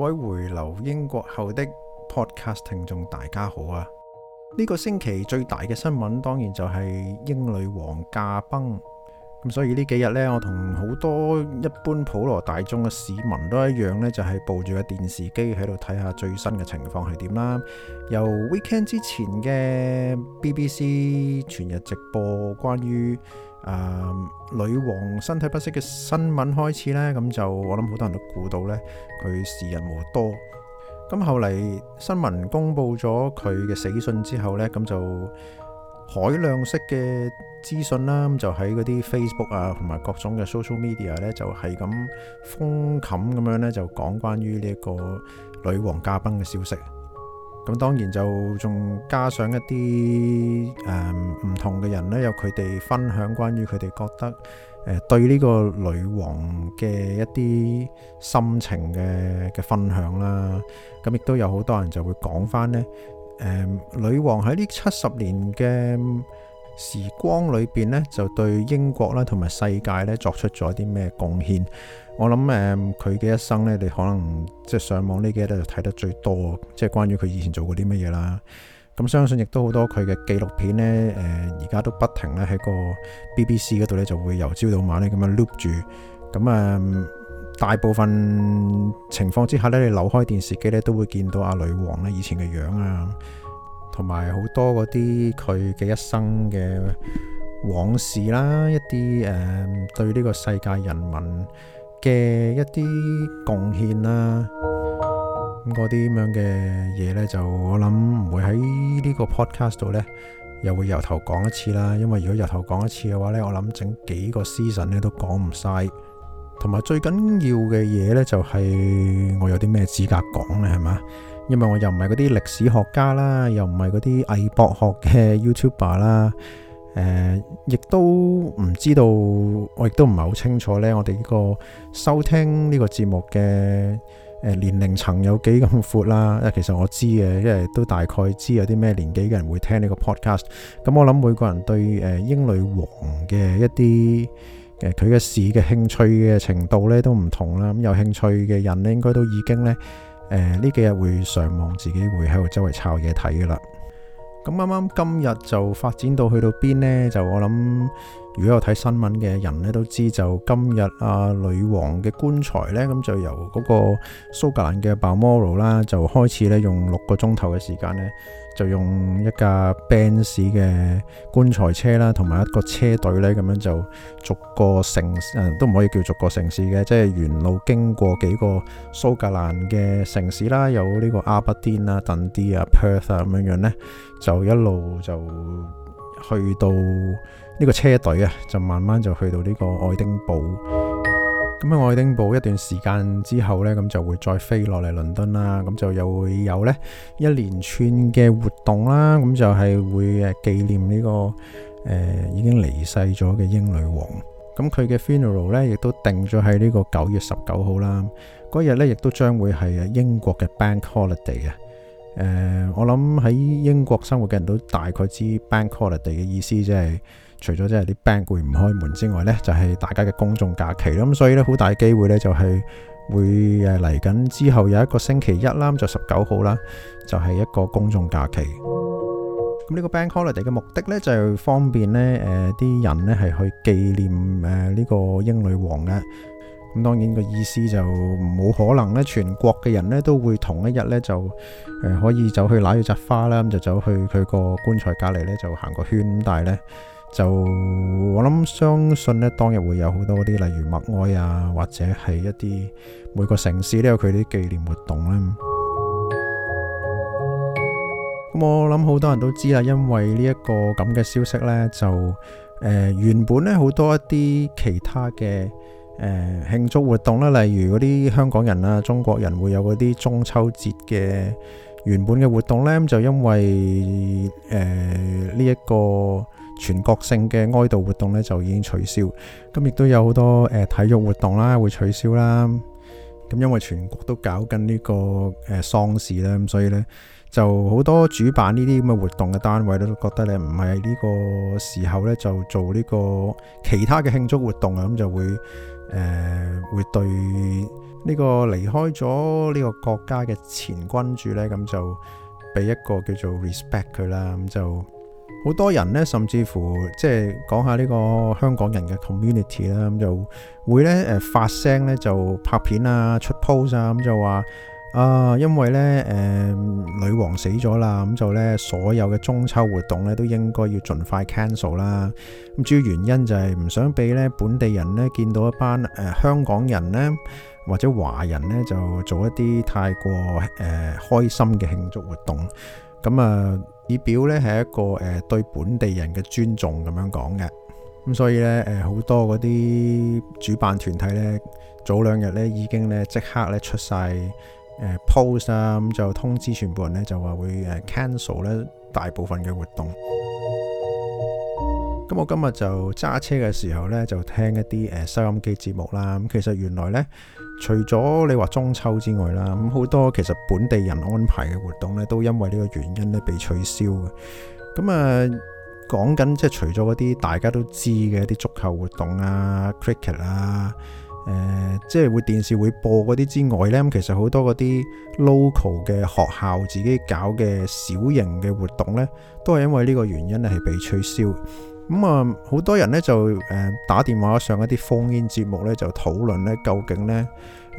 各位回流英國後的 Podcast 聽眾，大家好啊！呢個星期最大嘅新聞當然就係英女王駕崩。咁，所以呢幾日呢，我同好多一般普羅大眾嘅市民都一樣呢就係抱住個電視機喺度睇下最新嘅情況係點啦。由 Weekend 之前嘅 BBC 全日直播關於誒、呃，女王身體不適嘅新聞開始呢，咁就我諗好多人都估到呢，佢時日無多。咁後嚟新聞公布咗佢嘅死訊之後呢，咁就海量式嘅資訊啦、啊，就喺嗰啲 Facebook 啊，同埋各種嘅 social media 呢，就係咁封冚咁樣呢，就講關於呢一個女王駕崩嘅消息。咁當然就仲加上一啲誒唔同嘅人咧，有佢哋分享關於佢哋覺得誒、呃、對呢個女王嘅一啲心情嘅嘅分享啦。咁、嗯、亦都有好多人就會講翻咧，誒、呃、女王喺呢七十年嘅時光裏邊呢，就對英國啦同埋世界呢作出咗啲咩貢獻？我諗誒，佢嘅一生呢，你可能即係上網呢幾日就睇得最多，即係關於佢以前做過啲乜嘢啦。咁相信亦都好多佢嘅紀錄片呢，誒而家都不停咧喺個 BBC 嗰度呢，就會由朝到晚呢咁樣 loop 住。咁啊，大部分情況之下呢，你扭開電視機呢，都會見到阿女王咧以前嘅樣啊。同埋好多嗰啲佢嘅一生嘅往事啦，一啲誒、呃、對呢個世界人民嘅一啲貢獻啦，嗰啲咁樣嘅嘢呢，就我諗唔會喺呢個 podcast 度呢，又會由頭講一次啦。因為如果由頭講一次嘅話呢，我諗整幾個 season 呢都講唔晒。同埋最緊要嘅嘢呢，就係、是、我有啲咩資格講咧，係嘛？因為我又唔係嗰啲歷史學家啦，又唔係嗰啲藝博學嘅 YouTuber 啦、呃，誒，亦都唔知道，我亦都唔係好清楚呢。我哋呢個收聽呢個節目嘅誒年齡層有幾咁闊啦？因為其實我知嘅，因為都大概知有啲咩年紀嘅人會聽呢個 podcast、嗯。咁我諗每個人對誒英女王嘅一啲佢嘅事嘅興趣嘅程度呢都唔同啦。咁、嗯、有興趣嘅人咧，應該都已經呢。呃、呢幾日會上網，自己會喺度周圍抄嘢睇噶啦。咁啱啱今日就發展到去到邊呢？就我諗，如果有睇新聞嘅人咧都知，就今日啊，女王嘅棺材呢，咁就由嗰個蘇格蘭嘅白魔路啦，就開始咧用六個鐘頭嘅時間呢。就用一架 Benz 嘅棺材車啦，同埋一個車隊咧，咁樣就逐個城，誒、呃、都唔可以叫逐個城市嘅，即係沿路經過幾個蘇格蘭嘅城市啦，有呢個阿伯丁啊、Dundee 啊、Perth 啊咁樣樣咧，就一路就去到呢個車隊啊，就慢慢就去到呢個愛丁堡。咁喺愛丁堡一段時間之後呢，咁就會再飛落嚟倫敦啦。咁就又會有呢一連串嘅活動啦。咁就係會誒紀念呢個誒已經離世咗嘅英女王。咁佢嘅 funeral 呢，亦都定咗喺呢個九月十九號啦。嗰日呢，亦都將會係英國嘅 Bank Holiday 啊。誒，我諗喺英國生活嘅人都大概知 Bank Holiday 嘅意思，即係。除咗即係啲 bank 會唔開門之外咧，就係大家嘅公眾假期咯。咁所以咧，好大機會咧就係會誒嚟緊之後有一個星期一啦，就十九號啦，就係一個公眾假期。咁呢個 bank holiday 嘅目的咧就係方便咧誒啲人咧係去紀念誒呢個英女王嘅。咁當然個意思就冇可能咧，全國嘅人咧都會同一日咧就誒可以走去攞住紮花啦，咁就走去佢個棺材隔離咧就行個圈。但係咧。就我諗，相信咧當日會有好多啲，例如默哀啊，或者係一啲每個城市都有佢啲紀念活動咧。咁 我諗好多人都知啦，因為呢、這、一個咁嘅消息呢，就、呃、原本呢好多一啲其他嘅誒慶祝活動啦，例如嗰啲香港人啊、中國人會有嗰啲中秋節嘅原本嘅活動呢，就因為誒呢一個。全國性嘅哀悼活動咧就已經取消，咁亦都有好多誒、呃、體育活動啦會取消啦。咁、嗯、因為全國都搞緊、這、呢個誒、呃、喪事啦，咁所以咧就好多主辦呢啲咁嘅活動嘅單位咧都覺得咧唔係呢個時候咧就做呢個其他嘅慶祝活動啊，咁、嗯、就會誒、呃、會對呢個離開咗呢個國家嘅前君主咧，咁、嗯、就俾一個叫做 respect 佢啦，咁、嗯、就。，好多人咧，甚至乎即係講下呢個香港人嘅 community 啦，咁就會咧誒發聲咧就拍片啊，出 post 啊，咁就話。啊，因為呢，誒、呃、女王死咗啦，咁就呢，所有嘅中秋活動呢，都應該要盡快 cancel 啦。咁主要原因就係唔想俾呢本地人呢見到一班、呃、香港人呢，或者華人呢，就做一啲太過誒、呃、開心嘅慶祝活動。咁啊以表呢係一個誒、呃、對本地人嘅尊重咁樣講嘅，咁所以呢，誒、呃、好多嗰啲主辦團體呢，早兩日呢已經呢即刻呢出曬、呃、post 啊，咁就通知全部人呢，就話會誒 cancel 呢大部分嘅活動。咁我今日就揸車嘅時候呢，就聽一啲誒收音機節目啦，咁其實原來呢。除咗你話中秋之外啦，咁好多其實本地人安排嘅活動咧，都因為呢個原因咧被取消嘅。咁、嗯、啊，講緊即係除咗嗰啲大家都知嘅一啲足球活動啊、cricket 啊、誒、呃，即係會電視會播嗰啲之外咧，咁其實好多嗰啲 local 嘅學校自己搞嘅小型嘅活動咧，都係因為呢個原因咧係被取消。咁啊，好、嗯、多人咧就誒、呃，打電話上一啲烽煙節目咧，就討論咧究竟咧誒、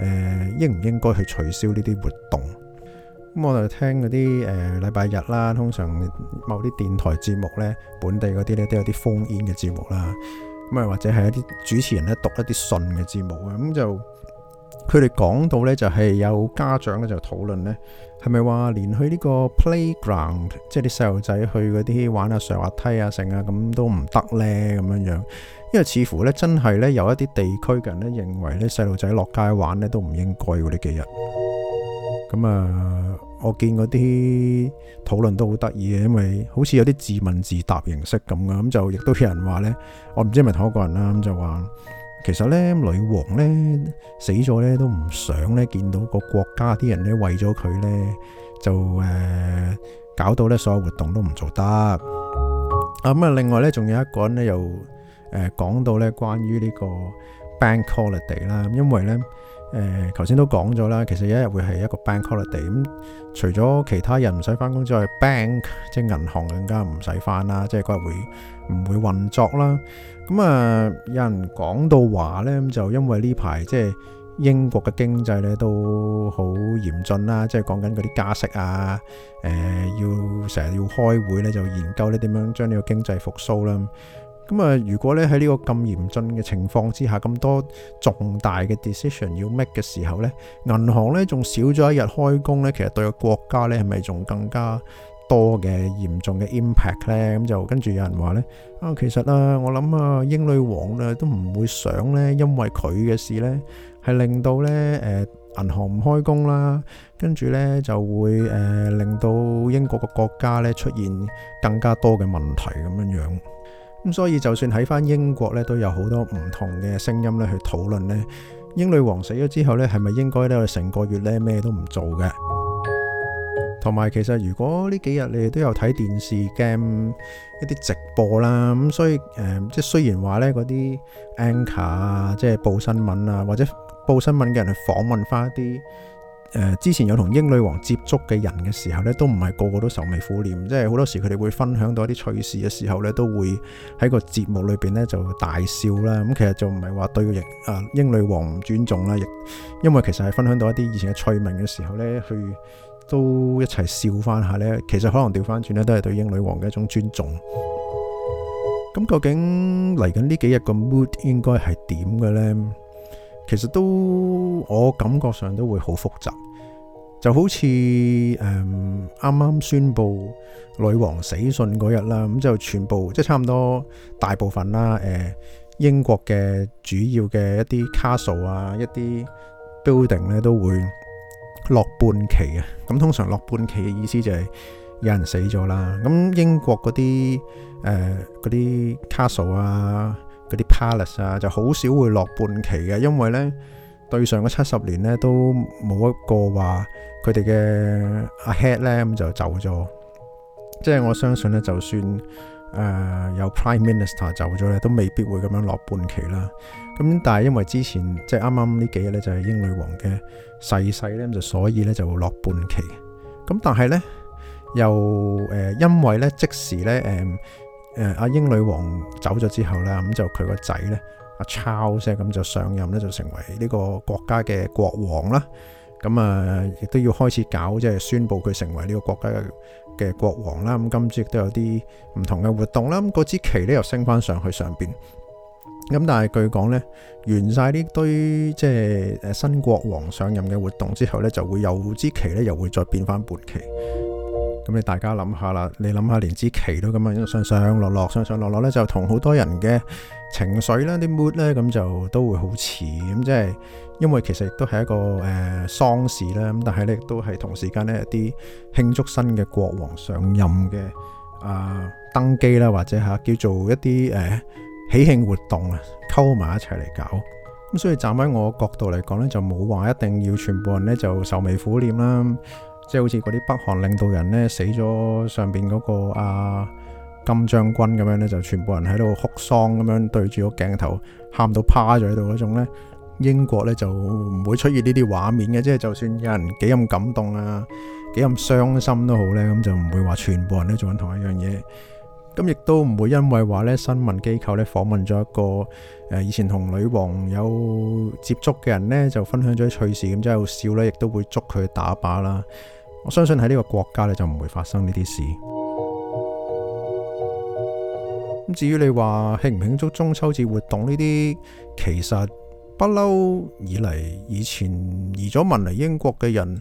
呃，應唔應該去取消呢啲活動。咁、嗯、我就聽嗰啲誒，禮、呃、拜日啦，通常某啲電台節目咧，本地嗰啲咧都有啲烽煙嘅節目啦。咁、嗯、啊，或者係一啲主持人咧讀一啲信嘅節目啊，咁、嗯、就。佢哋講到呢，就係有家長咧就討論呢，係咪話連去呢個 playground，即係啲細路仔去嗰啲玩下、啊、上下梯啊、成啊，咁都唔得呢？咁樣樣？因為似乎呢，真係呢，有一啲地區嘅人呢，認為呢細路仔落街玩呢都唔應該喎呢幾日。咁、嗯、啊，我見嗰啲討論都好得意嘅，因為好似有啲自問自答形式咁啊。咁就亦都有人話呢，我唔知係咪同一個人啦，咁就話。其實咧，女王咧死咗咧都唔想咧見到個國家啲人咧為咗佢咧就誒、呃、搞到咧所有活動都唔做得。啊咁啊，另外咧仲有一個人咧又誒講到咧關於呢個 bank holiday 啦，因為咧。誒，頭先、呃、都講咗啦，其實有一日會係一個 bank holiday，咁、嗯、除咗其他人唔使翻工之外，bank 即係銀行更加唔使翻啦，即係佢會唔會運作啦？咁、嗯、啊、呃，有人講到話呢，就因為呢排即係英國嘅經濟呢都好嚴峻啦，即係講緊嗰啲加息啊，誒、呃，要成日要開會呢，就研究呢點樣將呢個經濟復蘇啦。咁啊！如果咧喺呢個咁嚴峻嘅情況之下，咁多重大嘅 decision 要 make 嘅時候咧，銀行咧仲少咗一日開工咧，其實對個國家咧係咪仲更加多嘅嚴重嘅 impact 咧？咁就跟住有人話咧啊，其實啊，我諗啊，英女王咧都唔會想咧，因為佢嘅事咧係令到咧誒銀行唔開工啦，跟住咧就會誒令到英國個國家咧出現更加多嘅問題咁樣樣。咁所以就算喺翻英國咧，都有好多唔同嘅聲音咧去討論呢，英女王死咗之後呢，係咪應該咧成個月呢咩都唔做嘅？同埋其實如果呢幾日你哋都有睇電視 game 一啲直播啦，咁所以誒、呃，即係雖然話呢嗰啲 anchor 啊，即係報新聞啊，或者報新聞嘅人去訪問翻一啲。誒、呃，之前有同英女王接觸嘅人嘅時候咧，都唔係個個都愁眉苦臉，即係好多時佢哋會分享到一啲趣事嘅時候咧，都會喺個節目裏邊咧就大笑啦。咁其實就唔係話對英啊英女王唔尊重啦，亦因為其實係分享到一啲以前嘅趣聞嘅時候咧，去都一齊笑翻下咧，其實可能調翻轉咧都係對英女王嘅一種尊重。咁究竟嚟緊呢幾日個 mood 應該係點嘅咧？其實都我感覺上都會好複雜，就好似誒啱啱宣佈女王死訊嗰日啦，咁就全部即係差唔多大部分啦，誒、呃、英國嘅主要嘅一啲 castle 啊，一啲 building 咧都會落半旗啊。咁通常落半旗嘅意思就係有人死咗啦，咁英國嗰啲誒嗰啲 castle 啊。嗰啲 palace 啊，就好少會落半旗嘅，因為咧對上嘅七十年咧都冇一個話佢哋嘅阿 head 咧咁就走咗。即係我相信咧，就算誒有 prime minister 走咗咧，都未必會咁樣落半旗啦。咁但係因為之前即係啱啱呢幾日咧就係英女王嘅逝世咧，咁就所以咧就會落半旗。咁但係咧又誒，因為咧即時咧誒。誒，阿英女王走咗之後咧，咁就佢個仔咧，阿查理斯咁就上任咧，就成為呢個國家嘅國王啦。咁啊，亦都要開始搞，即係宣布佢成為呢個國家嘅嘅國王啦。咁今次亦都有啲唔同嘅活動啦。咁嗰支旗咧又升翻上去上邊。咁但係據講咧，完晒呢堆即係誒新國王上任嘅活動之後咧，就會有支旗咧又會再變翻半旗。咁你大家諗下啦，你諗下連支旗都咁樣上上落落，上上落落咧就同好多人嘅情緒咧、啲 mood 咧，咁就都會好似咁，即係因為其實亦都係一個誒喪事咧，咁但係咧亦都係同時間咧一啲慶祝新嘅國王上任嘅啊登基啦，或者吓叫做一啲誒喜慶活動啊，溝埋一齊嚟搞。咁所以站喺我角度嚟講咧，就冇話一定要全部人咧就愁眉苦臉啦。即係好似嗰啲北韓領導人咧，死咗，上邊嗰個啊金將軍咁樣咧，就全部人喺度哭喪咁樣對住個鏡頭，喊到趴咗喺度嗰種咧，英國咧就唔會出現呢啲畫面嘅，即係就算有人幾咁感動啊，幾咁傷心都好咧，咁就唔會話全部人都做緊同一樣嘢。咁亦都唔會因為話咧，新聞機構咧訪問咗一個誒以前同女王有接觸嘅人咧，就分享咗啲趣事咁，即係笑啦，亦都會捉佢打靶啦。我相信喺呢個國家咧就唔會發生呢啲事。咁至於你話慶唔慶祝中秋節活動呢啲，其實不嬲以嚟以前移咗民嚟英國嘅人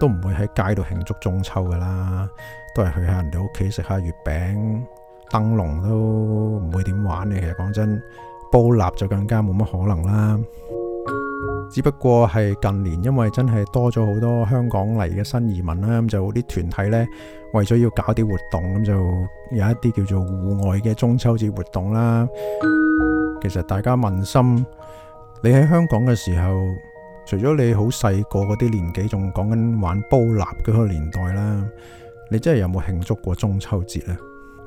都唔會喺街度慶祝中秋噶啦，都係去下人哋屋企食下月餅，燈籠都唔會點玩嘅。其實講真，煲蠟就更加冇乜可能啦。只不過係近年，因為真係多咗好多香港嚟嘅新移民啦，咁就啲團體呢，為咗要搞啲活動，咁就有一啲叫做戶外嘅中秋節活動啦。其實大家問心，你喺香港嘅時候，除咗你好細個嗰啲年紀，仲講緊玩煲蠟嗰個年代啦，你真係有冇慶祝過中秋節咧？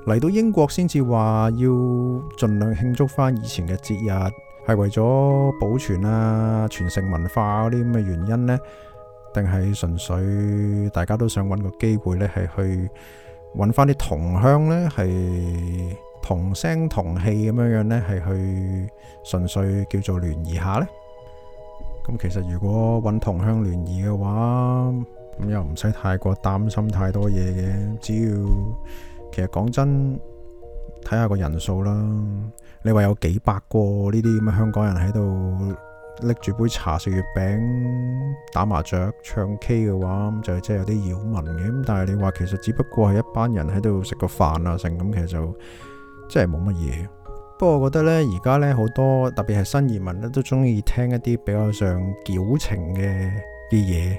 嚟到英國先至話要盡量慶祝翻以前嘅節日。係為咗保存啊、傳承文化嗰啲咁嘅原因呢，定係純粹大家都想揾個機會呢，係去揾翻啲同鄉呢，係同聲同氣咁樣樣呢，係去純粹叫做聯誼下呢。咁其實如果揾同鄉聯誼嘅話，咁又唔使太過擔心太多嘢嘅，只要其實講真，睇下個人數啦。你話有幾百個呢啲咁嘅香港人喺度拎住杯茶、食月餅、打麻雀、唱 K 嘅話，咁就真係有啲擾民嘅。咁但係你話其實只不過係一班人喺度食個飯啊，成咁其實就真係冇乜嘢。不過我覺得呢，而家呢好多特別係新移民呢，都中意聽一啲比較上矯情嘅啲嘢。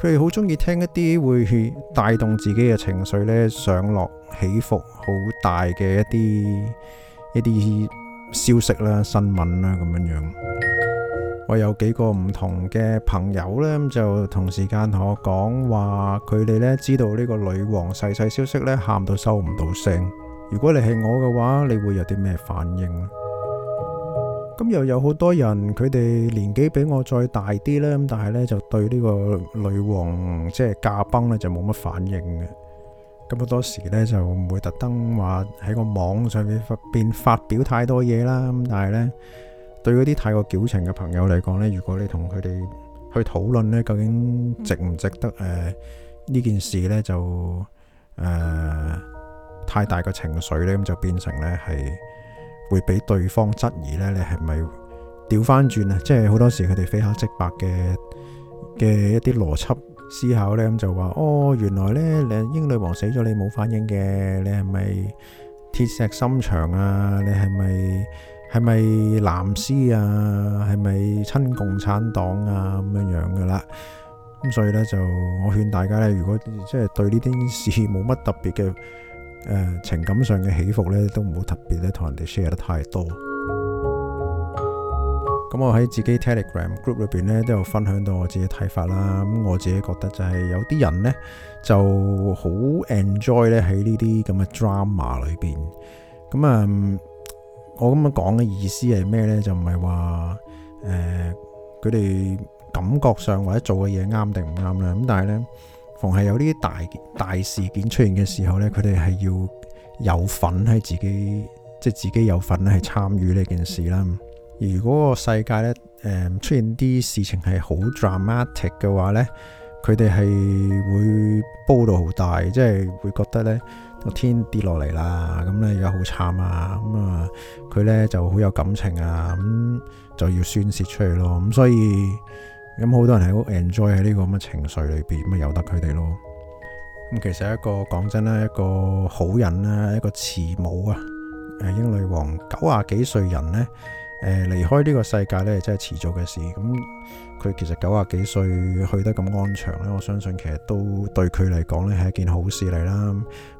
佢哋好中意聽一啲會去帶動自己嘅情緒呢，上落起伏好大嘅一啲，呢啲消息啦、新聞啦咁樣樣，我有幾個唔同嘅朋友呢，就同時間同我講話，佢哋呢知道呢個女王逝世消息呢，喊到收唔到聲。如果你係我嘅話，你會有啲咩反應？咁又有好多人，佢哋年紀比我再大啲呢，但係呢就對呢個女王即係駕崩呢就冇乜反應嘅。咁好多時咧就唔會特登話喺個網上面發變發表太多嘢啦。咁但係咧，對嗰啲太過矯情嘅朋友嚟講咧，如果你同佢哋去討論咧，究竟值唔值得誒呢、呃、件事咧就誒、呃、太大個情緒咧，咁就變成咧係會俾對方質疑咧，你係咪調返轉啊？即係好多時佢哋非黑即白嘅嘅一啲邏輯。思考呢，咁就話哦，原來呢英女王死咗你冇反應嘅，你係咪鐵石心腸啊？你係咪係咪藍絲啊？係咪親共產黨啊？咁樣樣噶啦，咁所以呢，就我勸大家呢，如果即係、就是、對呢啲事冇乜特別嘅、呃、情感上嘅起伏呢，都唔好特別呢，同人哋 share 得太多。咁我喺自己 Telegram group 裏邊咧都有分享到我自己睇法啦。咁我自己覺得就係有啲人咧就好 enjoy 咧喺呢啲咁嘅 drama 裏邊。咁啊，我咁樣講嘅意思係咩咧？就唔係話誒佢哋感覺上或者做嘅嘢啱定唔啱啦。咁但係咧，逢係有呢啲大大事件出現嘅時候咧，佢哋係要有份喺自己，即係自己有份咧係參與呢件事啦。如果個世界咧，誒、呃、出現啲事情係好 dramatic 嘅話咧，佢哋係會煲到好大，即係會覺得咧個天跌落嚟啦，咁咧而家好慘啊，咁啊佢咧就好有感情啊，咁、嗯、就要宣泄出去咯，咁所以咁好、嗯、多人係好 enjoy 喺呢個咁嘅情緒裏邊，咁咪由得佢哋咯。咁、嗯、其實一個講真啦，一個好人咧、啊，一個慈母啊，誒英女王九廿幾歲人咧。誒，離開呢個世界呢，真係遲早嘅事。咁佢其實九廿幾歲去得咁安詳呢，我相信其實都對佢嚟講呢係一件好事嚟啦。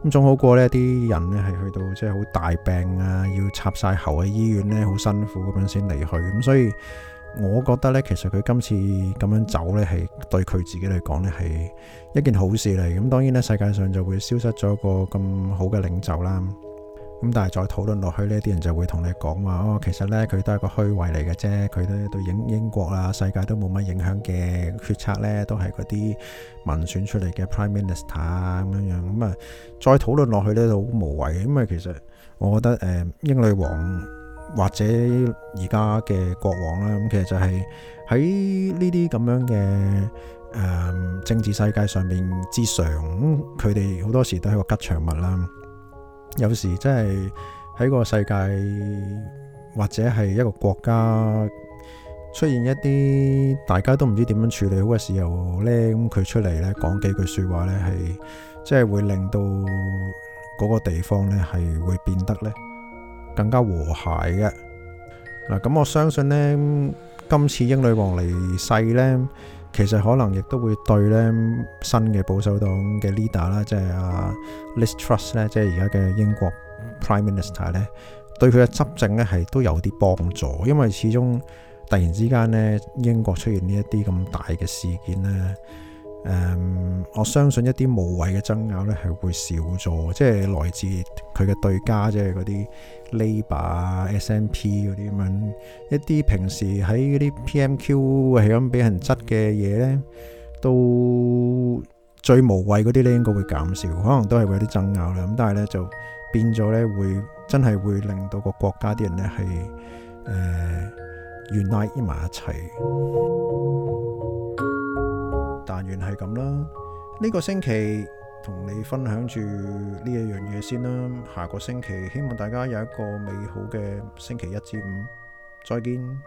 咁總好過呢啲人呢係去到即係好大病啊，要插晒喉喺醫院呢，好辛苦咁樣先離去。咁所以我覺得呢，其實佢今次咁樣走呢，係對佢自己嚟講呢係一件好事嚟。咁當然呢，世界上就會消失咗個咁好嘅領袖啦。咁但係再討論落去呢啲人就會同你講話哦，其實呢，佢都係個虛位嚟嘅啫，佢咧對英英國啊世界都冇乜影響嘅，決策呢，都係嗰啲民選出嚟嘅 Prime Minister 咁樣樣，咁啊再討論落去呢，就好無謂，因為其實我覺得誒、呃，英女王或者而家嘅國王啦，咁其實就係喺呢啲咁樣嘅誒、呃、政治世界上面之上，佢哋好多時都係個吉祥物啦。有時真係喺個世界，或者係一個國家出現一啲大家都唔知點樣處理好嘅時候，呢咁佢出嚟，呢講幾句說話呢係即係會令到嗰個地方呢係會變得呢更加和諧嘅嗱。咁我相信呢，今次英女王離世呢。其實可能亦都會對咧新嘅保守黨嘅 leader 啦、啊，Liz Truss，即係啊 Liz Truss 咧，即係而家嘅英國 Prime Minister 咧，對佢嘅執政咧係都有啲幫助，因為始終突然之間咧，英國出現呢一啲咁大嘅事件咧。誒，我相信一啲無謂嘅爭拗咧，係會少咗，即係來自佢嘅對家，即係嗰啲 Labour、SNP 嗰啲咁，一啲平時喺嗰啲 PMQ 係咁俾人質嘅嘢咧，都最無謂嗰啲咧，應該會減少，可能都係會有啲爭拗啦。咁但係咧就變咗咧，會真係會令到個國家啲人咧係誒 unite 埋一齊。但願係咁啦。呢個星期同你分享住呢一樣嘢先啦。下個星期希望大家有一個美好嘅星期一至五。再見。